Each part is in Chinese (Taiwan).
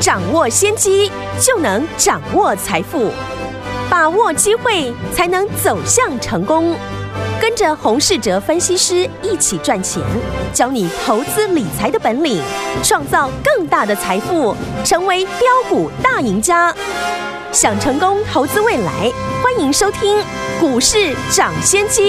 掌握先機，就能掌握財富。把握機會，才能走向成功。跟着洪士哲分析師一起賺錢，教你投資理財的本領，創造更大的財富，成為飆股大贏家。想成功投資未來，歡迎收聽《股市漲先機》。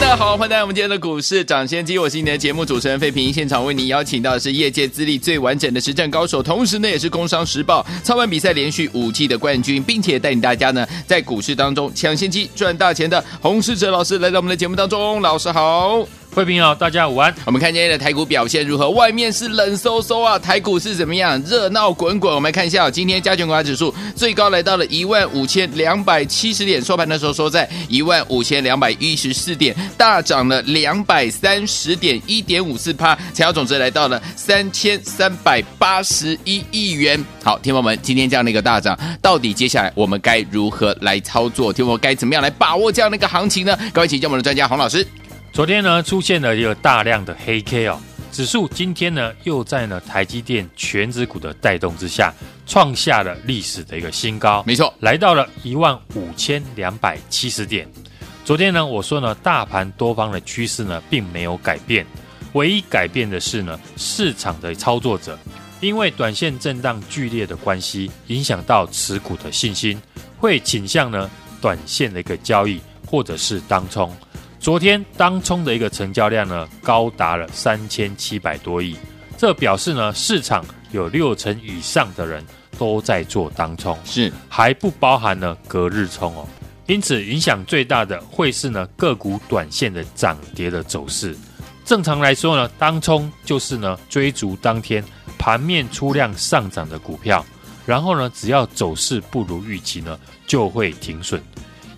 大家好，歡迎來到我們今天的《股市漲先機》，我是你的節目主持人費平，現場為您邀請到的是業界資歷最完整的實戰高手，同時呢也是《工商時報》操盤比賽連續五季的冠軍，並且帶領大家呢在股市當中搶先機賺大錢的洪士哲老師來到我們的節目當中，老師好。貴賓好，大家午安。我們看今天的台股表現如何？外面是冷颼颼啊，台股是怎麼樣？熱鬧滾滾。我們來看一下今天加權股價指數最高來到了一萬五千兩百七十點，收盤的時候收在一萬五千兩百一十四點，大漲了兩百三十點，一點五四帕，成交總值來到了三千三百八十一億元。好，天友們，今天這樣的一個大漲，到底接下來我們該如何來操作？天友們該怎麼樣來把握這樣的一個行情呢？各位請教我們的專家洪老師。昨天呢，出現了一個大量的黑 K 哦，指數今天呢，又在呢台積電權值股的帶動之下，創下了歷史的一個新高，沒錯，來到了一萬五千兩百七十點。昨天呢，我說呢，大盤多方的趨勢呢，並沒有改變，唯一改變的是呢，市場的操作者因為短線震盪劇烈的關係，影響到持股的信心，會傾向呢短線的一個交易或者是當沖。昨天當沖的一個成交量呢，高達了三千七百多億，這表示呢，市場有六成以上的人都在做當沖，是還不包含呢隔日沖哦。因此，影響最大的會是呢個股短線的漲跌的走勢。正常來說呢，當沖就是呢追逐當天盤面出量上漲的股票，然後呢，只要走勢不如預期呢，就會停損。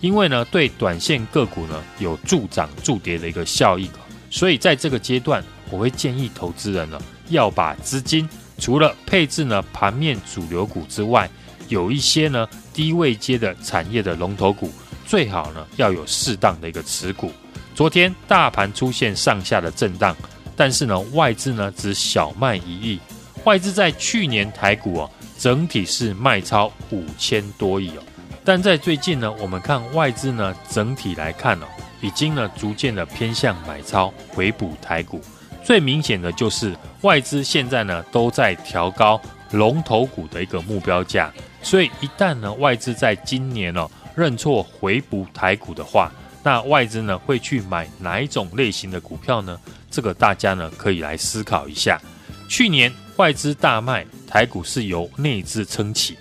因為呢，對短線個股呢有助漲助跌的一個效應，所以在這個階段，我會建議投資人呢要把資金除了配置呢盤面主流股之外，有一些呢低位階的產業的龍頭股，最好呢要有適當的一個持股。昨天大盤出現上下的震盪，但是呢外資呢只小賣一億，外資在去年台股啊、哦、整體是賣超五千多億哦。但在最近呢，我們看外資呢整體來看呢，哦，已經呢逐漸的偏向買超回補台股。最明顯的就是外資現在呢都在調高龍頭股的一個目標價。所以一旦呢外資在今年哦認錯回補台股的話，那外資呢會去買哪一種類型的股票呢？這個大家呢可以來思考一下。去年外資大賣台股是由內資撐起。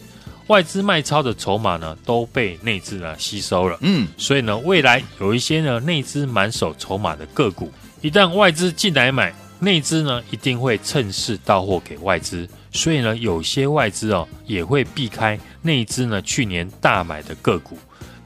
外資賣超的籌碼呢，都被內資呢吸收了。嗯，所以呢，未來有一些呢內資滿手籌碼的個股，一旦外資進來買，內資呢一定會趁勢到貨給外資。所以呢，有些外資哦也會避開內資呢去年大買的個股。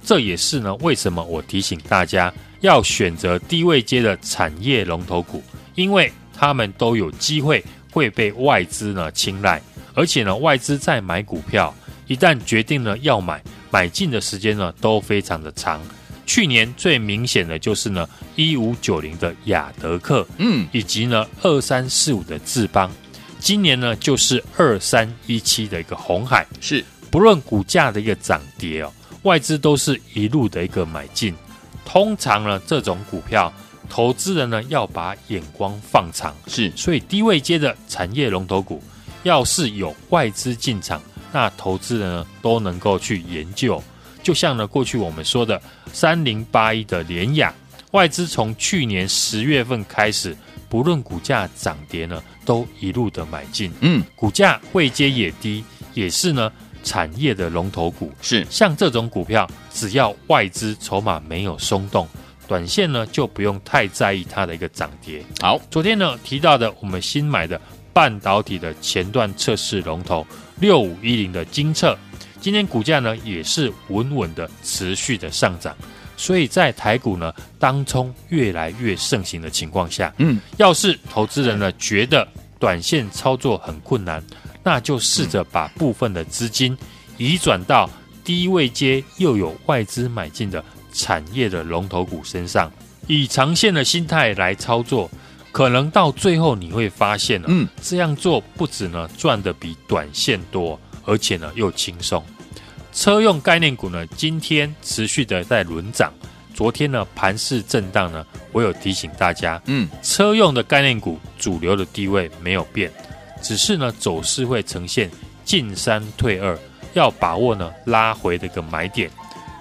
這也是呢為什麼我提醒大家要選擇低位階的產業龍頭股，因為他們都有機會會被外資呢青睞，而且呢外資在買股票。一旦決定了要買，買進的時間呢都非常的長。去年最明顯的就是呢一五九零的亞德客，嗯，以及呢二三四五的智邦。今年呢就是二三一七的一個鴻海，是不論股價的一個漲跌哦，外資都是一路的一個買進。通常呢這種股票，投資人呢要把眼光放長，是所以低位階的產業龍頭股，要是有外資進場。那投資人呢都能夠去研究，就像呢過去我們說的三零八一的聯亞，外資從去年十月份開始，不論股價漲跌呢，都一路的買進，嗯，股價位階也低，也是呢產業的龍頭股，是像這種股票，只要外資籌碼沒有鬆動，短線呢就不用太在意它的一個漲跌。好，昨天呢提到的我們新買的。半導體的前段測試龍頭六五一零的精測，今天股價呢也是穩穩的持續的上漲。所以在台股呢，當沖越來越盛行的情況下，嗯，要是投資人呢覺得短線操作很困難，那就試着把部分的資金移轉到低位階又有外資買進的產業的龍頭股身上，以長線的心態來操作。可能到最後你會發現呢、啊，嗯，這樣做不只呢賺的比短線多，而且呢又輕鬆。車用概念股呢今天持續的在輪漲，昨天呢盤勢震盪呢，我有提醒大家，嗯，車用的概念股主流的地位沒有變，只是呢走勢會呈現進三退二，要把握呢拉回的一個買點。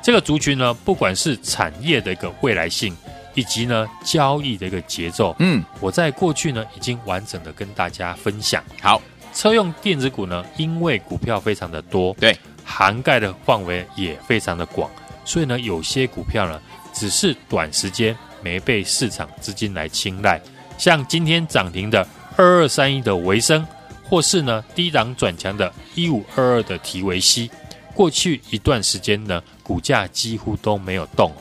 這個族群呢，不管是產業的一個未來性。以及呢交易的一個節奏，嗯，我在過去呢已經完整的跟大家分享。好，車用電子股呢，因為股票非常的多，對，涵蓋的範圍也非常的廣，所以呢有些股票呢只是短時間沒被市場資金來青睞，像今天漲停的二二三一的為升，或是呢低檔轉強的一五二二的堤維西，過去一段時間呢股價幾乎都沒有動，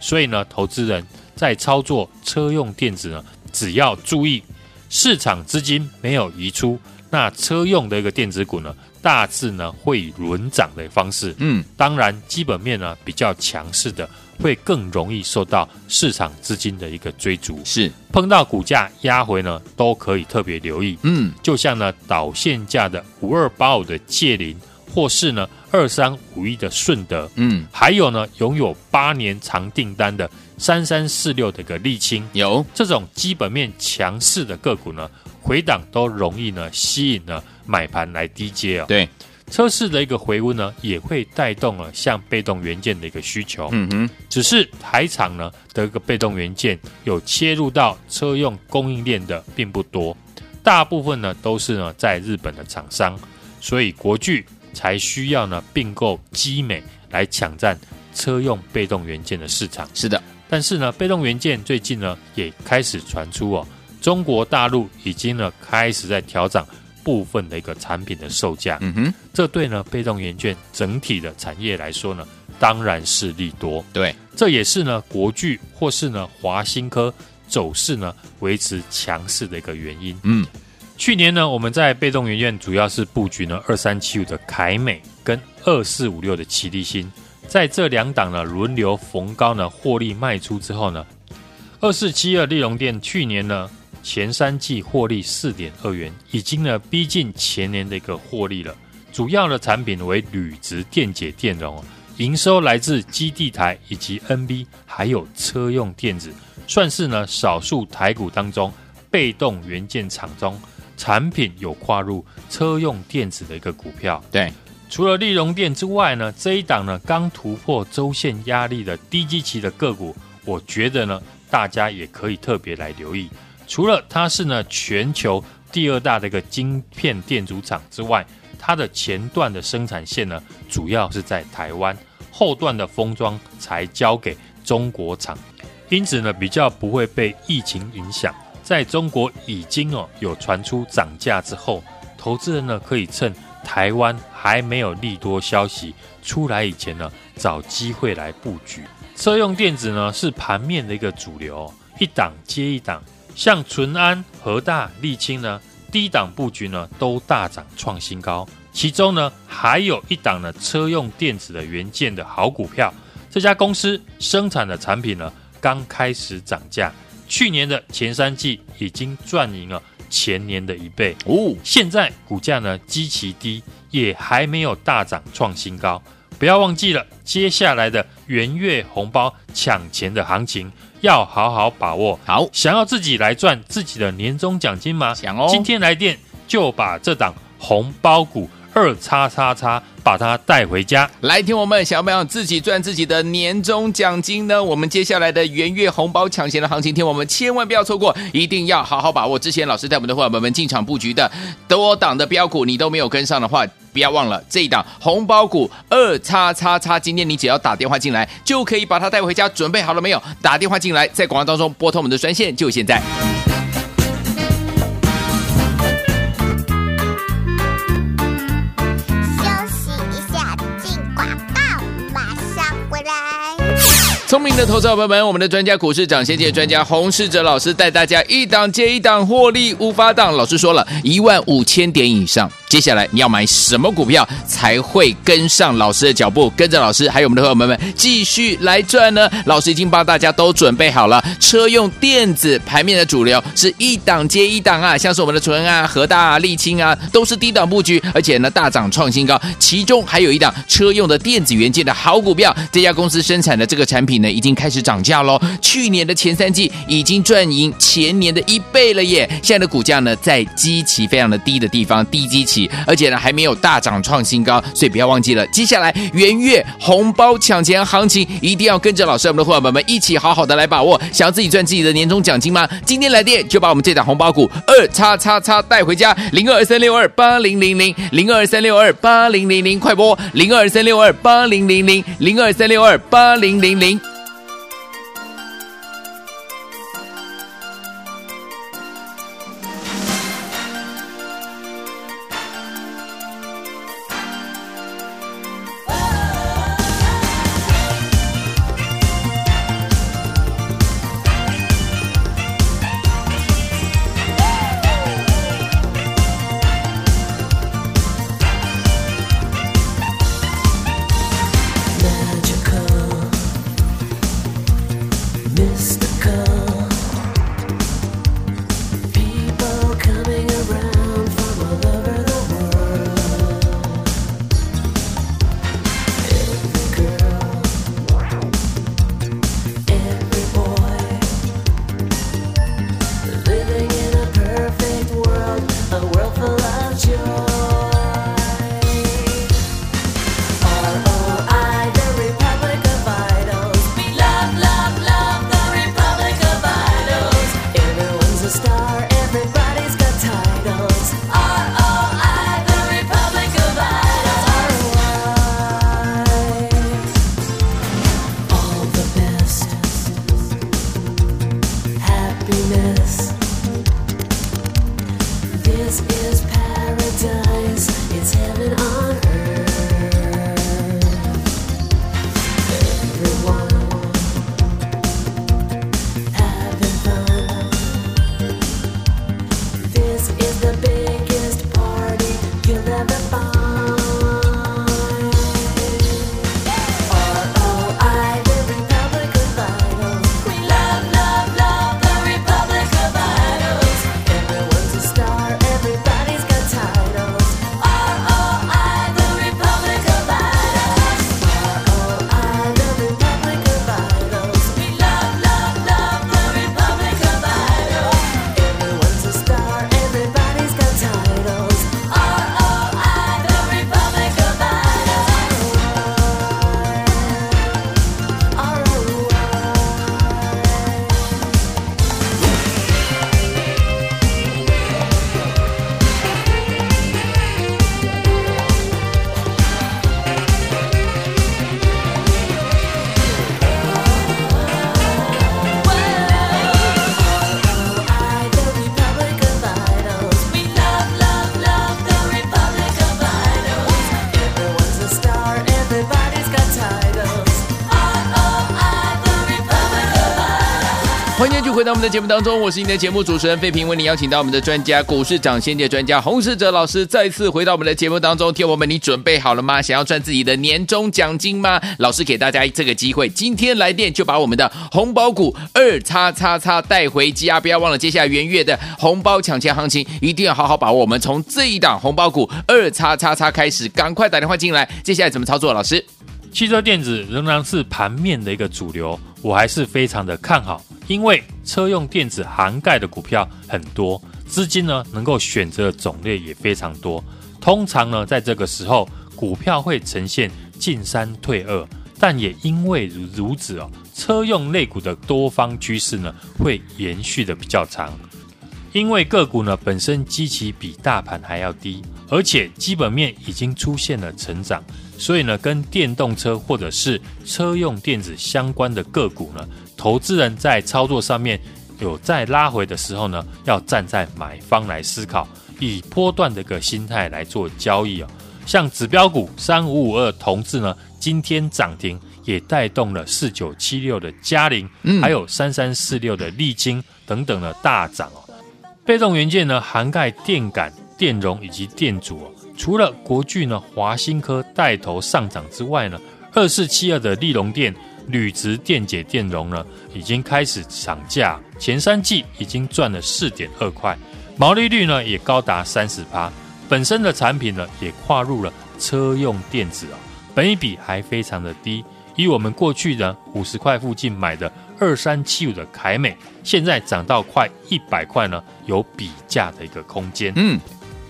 所以呢投資人。在操作車用電子呢，只要注意市場資金沒有移出，那車用的一個電子股呢，大致呢會以輪漲的方式。嗯，當然基本面呢比較強勢的，會更容易受到市場資金的一個追逐。是，碰到股價壓回呢，都可以特別留意。嗯，就像呢導線架的五二八五的界霖，或是呢，二三五一的順德，嗯，還有呢，擁有八年長訂單的三三四六的個麗清，有這種基本面強勢的個股呢，回檔都容易呢，吸引了買盤來低接啊，哦。對，車市的一個回溫呢，也會帶動了像被動元件的一個需求。嗯哼，只是台廠呢的一個被動元件有切入到車用供應鏈的並不多，大部分呢都是呢在日本的廠商，所以國巨，才需要呢併購基美來搶佔車用被動元件的市場。是的，但是呢，被動元件最近呢也開始傳出哦，中國大陸已經呢開始在調漲部分的一個產品的售價。嗯哼，這對呢被動元件整體的產業來說呢，當然是利多。對，這也是呢國巨或是呢華新科走勢呢維持強勢的一個原因。嗯。去年呢，我們在被動元件主要是布局呢二三七五的凱美跟二四五六的奇力新，在這兩檔呢輪流逢高呢獲利賣出之後呢，二四七二立隆電去年呢前三季獲利四點二元，已經呢逼近前年的一個獲利了。主要的產品為鋁質電解電容，營收來自基地台以及 NB 還有車用電子，算是呢少數台股當中被動元件廠中，產品有跨入車用電子的一個股票，對。除了利融電之外呢，這一檔呢剛突破周線壓力的低基期的個股，我覺得呢大家也可以特別來留意。除了它是呢全球第二大的一個晶片電阻廠之外，它的前段的生產線呢主要是在台灣，後段的封裝才交給中國廠，因此呢比較不會被疫情影響。在中國已經哦有傳出漲價之後，投資人呢可以趁台灣還沒有利多消息出來以前呢，找機會來布局。車用電子呢是盤面的一個主流，一檔接一檔，像淳安、和大、麗清呢低檔布局呢都大漲創新高，其中呢還有一檔呢車用電子的元件的好股票，這家公司生產的產品呢剛開始漲價。去年的前三季已經賺贏了前年的一倍哦，現在股價呢極其低，也還沒有大漲創新高。不要忘記了，接下來的元月紅包搶錢的行情要好好把握。好，想要自己來賺自己的年終獎金嗎？想哦！今天來電就把這檔紅包股。二叉叉叉，把它帶回家。來聽我們，想要不想自己賺自己的年終獎金呢？我們接下來的元月紅包搶錢的行情，聽我們千萬不要錯過，一定要好好把握。之前老師帶我們的話，我們進場布局的多檔的標股，你都沒有跟上的話，不要忘了這一檔紅包股二叉叉叉。今天你只要打電話進來，就可以把它帶回家。準備好了沒有？打電話進來，在廣告當中撥通我們的專線，就現在。聰明的投資者朋友們，我們的專家股市漲先機專家洪士哲老師帶大家一檔接一檔獲利五八檔。老師說了一萬五千點以上，接下來你要買什麼股票才會跟上老師的腳步，跟着老師還有我們的朋友們們繼續來賺呢？老師已經幫大家都準備好了，車用電子牌面的主流是一檔接一檔啊，像是我們的純啊、和大、啊、瀝青啊，都是低檔布局，而且呢大漲創新高。其中還有一檔車用的電子元件的好股票，這家公司生產的這個產品呢。已經開始漲價嘍！去年的前三季已經賺贏前年的一倍了耶！現在的股價呢，在基期非常的低的地方，低基期，而且呢，還沒有大漲創新高，所以不要忘記了，接下來元月紅包搶錢行情，一定要跟着老師我們的夥伴們一起好好的來把握。想要自己賺自己的年終獎金嗎？今天來電就把我們這檔紅包股二叉叉叉帶回家，零二三六二八零零零零二三六二八零零零，快撥零二三六二八零零零零二三六二八零零零。在我們的節目當中，我是你的節目主持人費平，為你邀請到我們的專家股市漲先機專家洪士哲老師再次回到我們的節目當中。聽我們，你準備好了嗎？想要賺自己的年終獎金嗎？老師給大家這個機會，今天來電就把我們的紅包股二叉叉叉帶回家，啊，不要忘了，接下來元月的紅包搶錢行情一定要好好把握。我們從這一檔紅包股二叉叉叉開始，趕快打電話進來。接下來怎麼操作？老師？汽車電子仍然是盤面的一個主流，我還是非常的看好，因為車用電子涵蓋的股票很多，資金呢能夠選擇的種類也非常多。通常呢在這個時候，股票會呈現進三退二，但也因為如如此哦，車用類股的多方趨勢呢會延續的比較長，因為個股呢本身基期比大盤還要低，而且基本面已經出現了成長。所以呢，跟電動車或者是車用電子相關的個股呢，投資人在操作上面有在拉回的時候呢，要站在買方來思考，以波段的個心態來做交易哦，像指標股三五五二同致呢，今天漲停，也帶動了四九七六的佳凌，嗯、還有三三四六的麗清等等的大漲哦。被動元件呢，涵蓋電感、電容以及電阻哦除了國巨呢，華新科帶頭上漲之外呢，二四七二的立隆電鋁質電解電容呢，已經開始漲價，前三季已經賺了四點二塊，毛利率呢也高達三十趴。本身的產品呢也跨入了車用電子啊，本益比還非常的低，以我們過去的五十塊附近買的二三七五的凱美，現在漲到快一百塊呢，有比價的一個空間，嗯。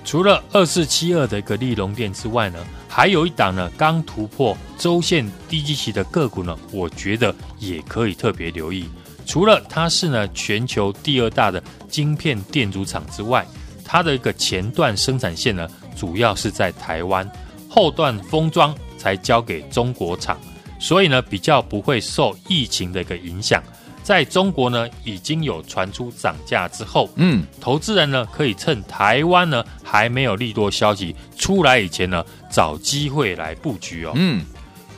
除了二四七二的一個立隆電之外呢，還有一檔呢剛突破週線低基期的個股呢，我覺得也可以特別留意。除了它是呢全球第二大的晶片電阻廠之外，它的一個前段生產線呢主要是在台灣，後段封裝才交給中國廠，所以呢比較不會受疫情的一個影響。在中國呢，已經有傳出漲價之後，嗯，投資人呢可以趁台灣呢還沒有利多消息出來以前呢，找機會來布局哦。嗯，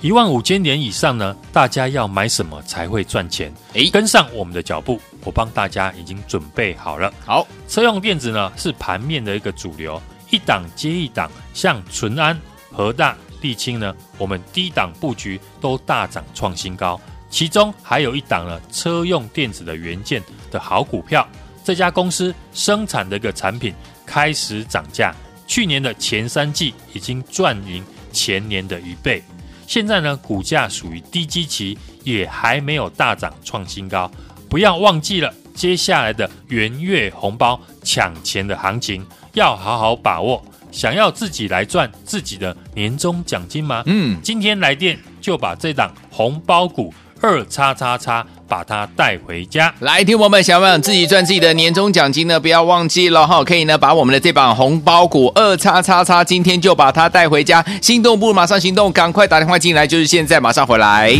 一萬五千點以上呢，大家要買什麼才會賺錢？哎、欸，跟上我們的腳步，我幫大家已經準備好了。好，車用電子呢是盤面的一個主流，一檔接一檔，像淳安、和大、麗清呢，我們低檔布局都大漲創新高。其中還有一檔了車用電子的元件的好股票，這家公司生產的一個產品開始漲價，去年的前三季已經賺贏前年的一倍。現在呢，股價屬於低基期，也還沒有大漲創新高。不要忘記了接下來的元月紅包搶錢的行情，要好好把握。想要自己來賺自己的年終獎金嗎？嗯，今天來電就把這檔紅包股。二叉叉叉，X X X, 把它帶回家來，聽眾朋友們，想不想自己賺自己的年終獎金呢？不要忘記了哈，可以呢，把我們的這把紅包股二叉叉叉，今天就把它帶回家。心動不如馬上行動，趕快打電話進來，就是現在，馬上回來。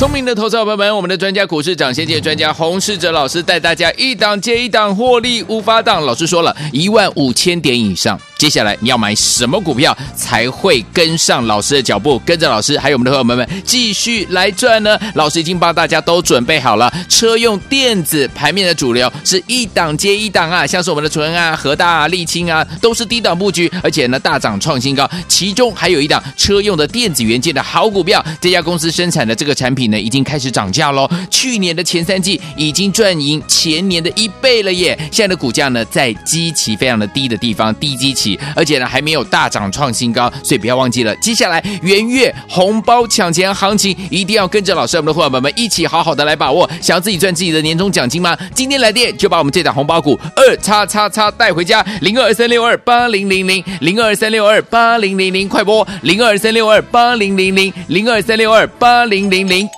聰明的投資者朋友們，我們的專家股市漲先機專家洪士哲老師帶大家一檔接一檔獲利無法擋。老師說了一萬五千點以上，接下來你要買什麼股票才會跟上老師的腳步，跟着老師還有我們的朋友們繼續來賺呢？老師已經幫大家都準備好了，車用電子牌面的主流是一檔接一檔啊，像是我們的純啊、和大啊、麗清啊，都是低檔布局，而且呢大漲創新高。其中還有一檔車用的電子元件的好股票，這家公司生產的這個產品。呢，已經開始漲價嘍、哦。去年的前三季已經賺贏前年的一倍了耶。現在的股價呢，在基期非常的低的地方，低基期，而且呢，還沒有大漲創新高。所以不要忘記了，接下來元月紅包搶錢行情，一定要跟着老師我們的夥伴們一起好好的來把握。想要自己賺自己的年終獎金嗎？今天來電就把我們這檔紅包股二叉叉叉帶回家，零二三六二八零零零，零二三六二八零零零，快撥零二三六二八零零零，零二三六二八零零零。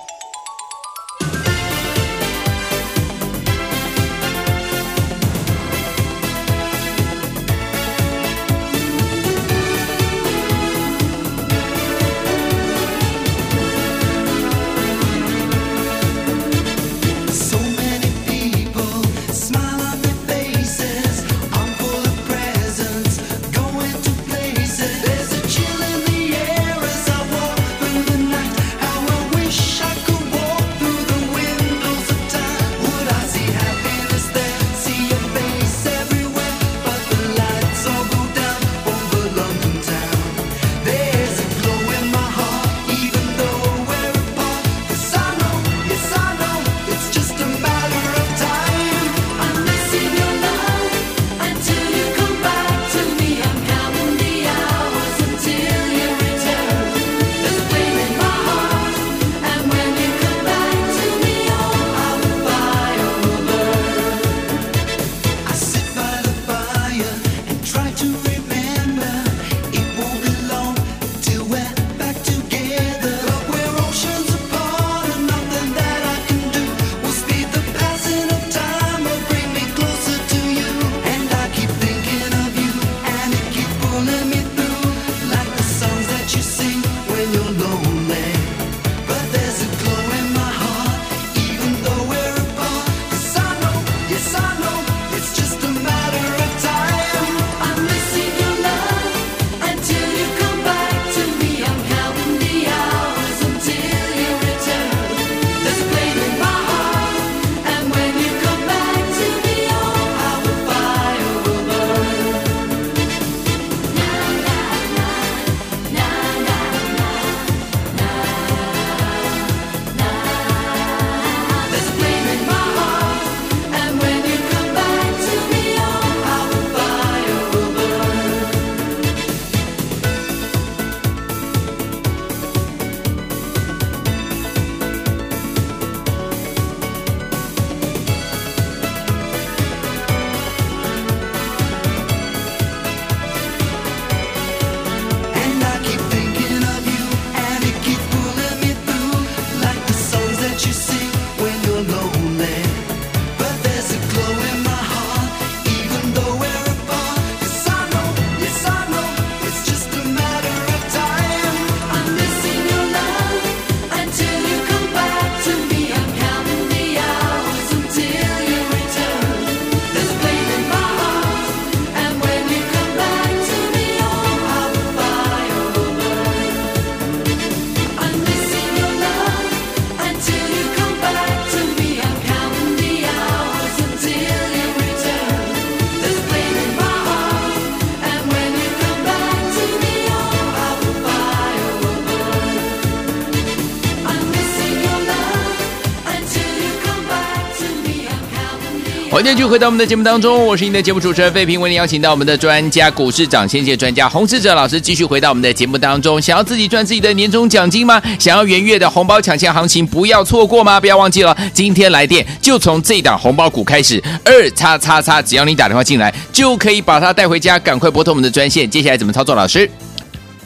今天就回到我們的節目當中，我是你的節目主持人費平，為你邀請到我們的專家、股市漲先機專家洪士哲老師，繼續回到我們的節目當中。想要自己賺自己的年終獎金嗎？想要元月的紅包搶錢行情不要錯過嗎？不要忘記了，今天來電就從這檔紅包股開始，二叉叉叉，只要你打電話進來，就可以把它帶回家。趕快撥通我們的專線。接下來怎麼操作？老師，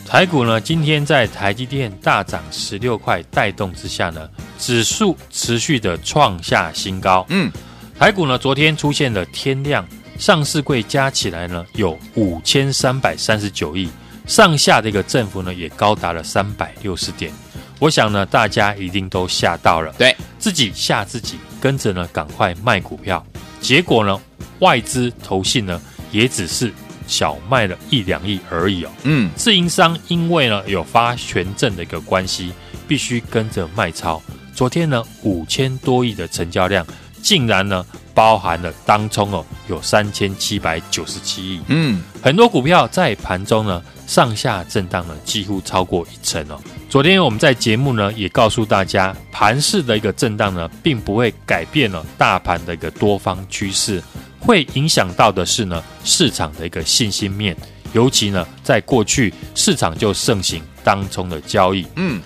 台股呢？今天在台積電大漲十六塊帶動之下呢，指數持續的創下新高。嗯。台股呢，昨天出現了天量，上市櫃加起來呢有五千三百三十九億，上下的一個振幅呢也高達了三百六十點。我想呢，大家一定都嚇到了，對自己嚇自己，跟着呢趕快賣股票。結果呢，外資投信呢也只是小賣了一兩億而已哦。嗯，自營商因為呢有發權證的一個關係，必須跟着賣超。昨天呢五千多億的成交量。竟然呢，包含了當沖哦，有三千七百九十七億。嗯，很多股票在盤中呢，上下震盪了，幾乎超過一成哦。昨天我們在節目呢，也告訴大家，盤市的一個震盪呢，並不會改變了大盤的一個多方趨勢，會影響到的是呢，市場的一個信心面，尤其呢，在過去市場就盛行當沖的交易。嗯，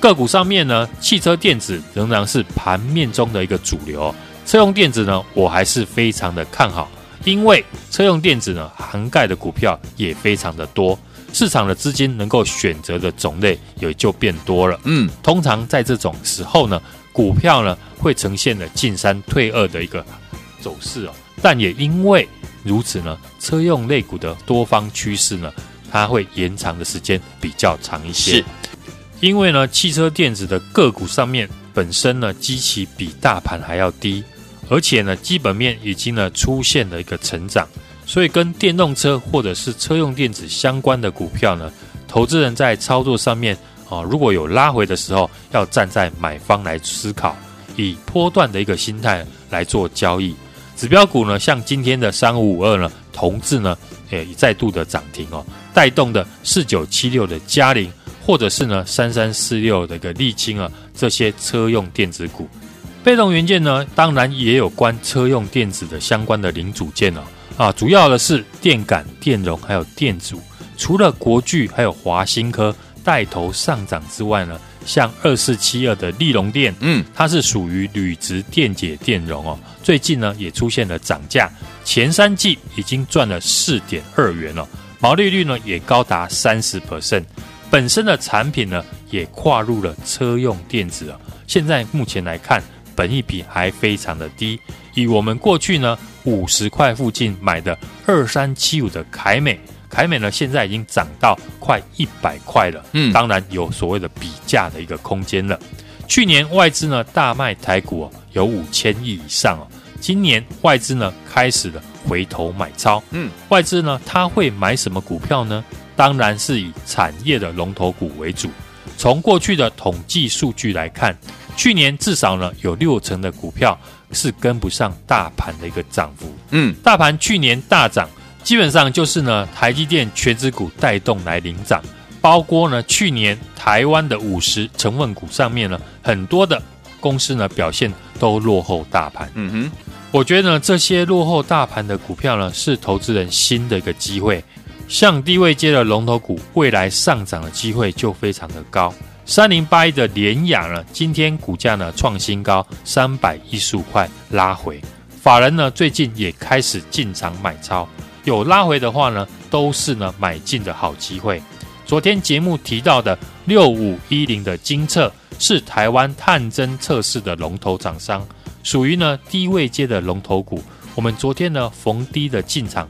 個股上面呢，汽車電子仍然是盤面中的一個主流哦。車用電子呢，我還是非常的看好，因為車用電子呢，涵蓋的股票也非常的多，市場的資金能夠選擇的種類也就變多了。嗯，通常在這種時候呢，股票呢會呈現了進三退二的一個走勢哦，但也因為如此呢，車用類股的多方趨勢呢，它會延長的時間比較長一些。是的，因為呢，汽車電子的個股上面本身呢，基期比大盤還要低。而且呢，基本面已經呢出現了一個成長，所以跟電動車或者是車用電子相關的股票呢，投資人在操作上面啊，如果有拉回的時候，要站在買方來思考，以波段的一個心態來做交易。指標股呢，像今天的三五五二呢，同致呢，也再度的漲停哦，帶動的四九七六的佳凌，或者是呢三三四六的一個麗清啊，這些車用電子股。被動元件呢，當然也有關車用電子的相關的零組件哦。啊，主要的是電感、電容還有電阻。除了國巨還有華新科帶頭上漲之外呢，像二四七二的立隆電，嗯，它是屬於鋁質電解電容哦。最近呢也出現了漲價，前三季已經賺了四點二元了，哦，毛利率呢也高達三十 percent。本身的產品呢也跨入了車用電子啊，哦。現在目前來看。本益比還非常的低，以我們過去呢五十塊附近買的二三七五的凱美，凱美呢現在已經漲到快一百塊了，嗯，當然有所謂的比價的一個空間了。去年外資呢大賣台股、啊、有五千億以上哦、啊，今年外資呢開始了回頭買超，嗯，外資呢他會買什麼股票呢？當然是以產業的龍頭股為主。從過去的統計數據來看。去年至少呢有六成的股票是跟不上大盤的一個漲幅。嗯，大盤去年大漲，基本上就是呢台積電權值股帶動來領漲，包括呢去年台灣的五十成分股上面呢很多的公司呢表現都落後大盤。嗯哼，我覺得呢這些落後大盤的股票呢是投資人新的一個機會，像低位階的龍頭股，未來上漲的機會就非常的高。三零八一的聯亞呢，今天股價呢創新高三百一十五塊，拉回。法人呢最近也開始進場買超，有拉回的話呢，都是呢買進的好機會。昨天節目提到的六五一零的精測，是台灣探針測試的龍頭廠商，屬於呢低位階的龍頭股。我們昨天呢逢低的進場，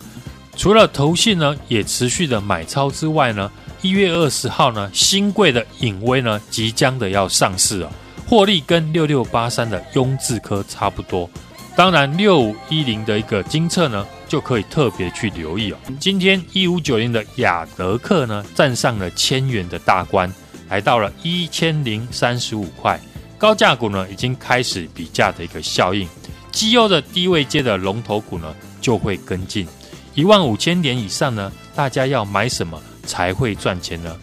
除了投信呢也持續的買超之外呢。一月二十號呢，新貴的穎崴呢，即將的要上市啊、哦，獲利跟六六八三的雍智科差不多。當然，六五一零的一個精測呢，就可以特別去留意哦。今天一五九零的亞德客呢，站上了千元的大關，來到了一千零三十五塊。高價股呢，已經開始比價的一個效應，績優的低位階的龍頭股呢，就會跟進。一萬五千點以上呢，大家要買什麼？才會賺錢呢。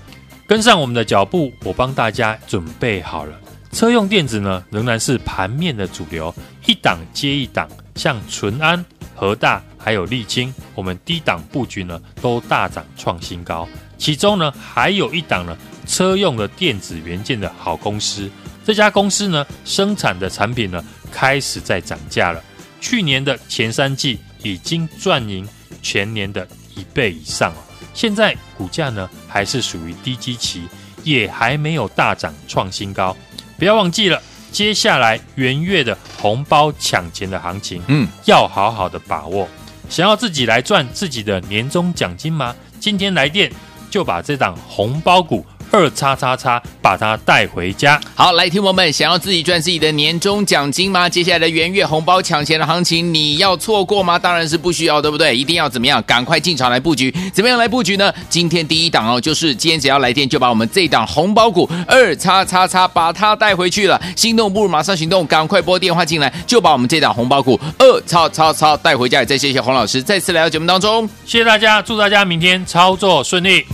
跟上我們的腳步，我幫大家準備好了。車用電子呢，仍然是盤面的主流，一檔接一檔，像淳安、和大還有麗清，我們低檔布局呢都大漲創新高。其中呢，還有一檔呢，車用的電子元件的好公司，這家公司呢，生產的產品呢，開始在漲價了。去年的前三季已經賺贏全年的一倍以上了。現在股價呢，還是屬於低基期，也還沒有大漲創新高。不要忘記了，接下來元月的紅包搶錢的行情，嗯，要好好的把握。想要自己來賺自己的年終獎金嗎？今天來電就把這檔紅包股。二叉叉叉，2> 2 X X X, 把它帶回家。好，來聽友們,們，想要自己賺自己的年終獎金嗎？接下來的元月紅包搶錢的行情，你要錯過嗎？當然是不需要，對不對？一定要怎麼樣？趕快進場來布局。怎麼樣來布局呢？今天第一檔哦，就是今天只要來電，就把我們這檔紅包股二叉叉叉，把它帶回去了。心動不如馬上行動，趕快撥電話進來，就把我們這檔紅包股二叉叉叉帶回家。也再謝謝洪老師再次來到節目當中，謝謝大家，祝大家明天操作順利。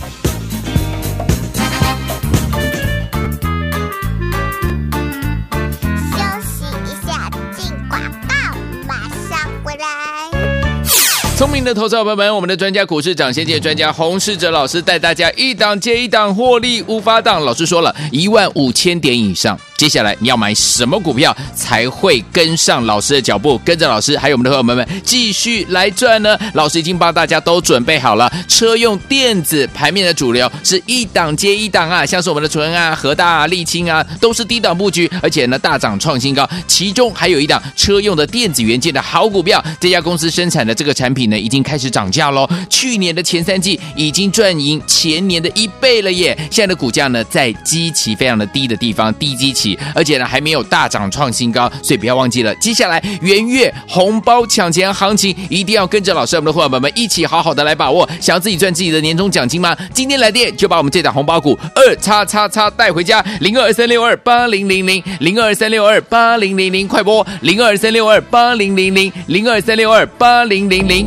聰明的投資者朋友們，我們的專家股市漲先機專家洪士哲老師帶大家一檔接一檔獲利無法擋。老師說了一萬五千點以上，接下來你要買什麼股票才會跟上老師的腳步，跟着老師還有我們的朋友們繼續來賺呢？老師已經幫大家都準備好了，車用電子牌面的主流是一檔接一檔啊，像是我們的純啊、和大啊、麗清啊，都是低檔布局，而且呢大漲創新高。其中還有一檔車用的電子元件的好股票，這家公司生產的這個產品呢。已經開始漲價嘍！去年的前三季已經賺贏前年的一倍了耶！現在的股價呢，在基期非常的低的地方低基期，而且呢還沒有大漲創新高，所以不要忘記了，接下來元月紅包搶錢行情，一定要跟着老師我們的夥伴們一起好好的來把握。想要自己賺自己的年終獎金嗎？今天來電就把我們這檔紅包股二叉叉叉帶回家，零二三六二八零零零零二三六二八零零零，快撥零二三六二八零零零零二三六二八零零零。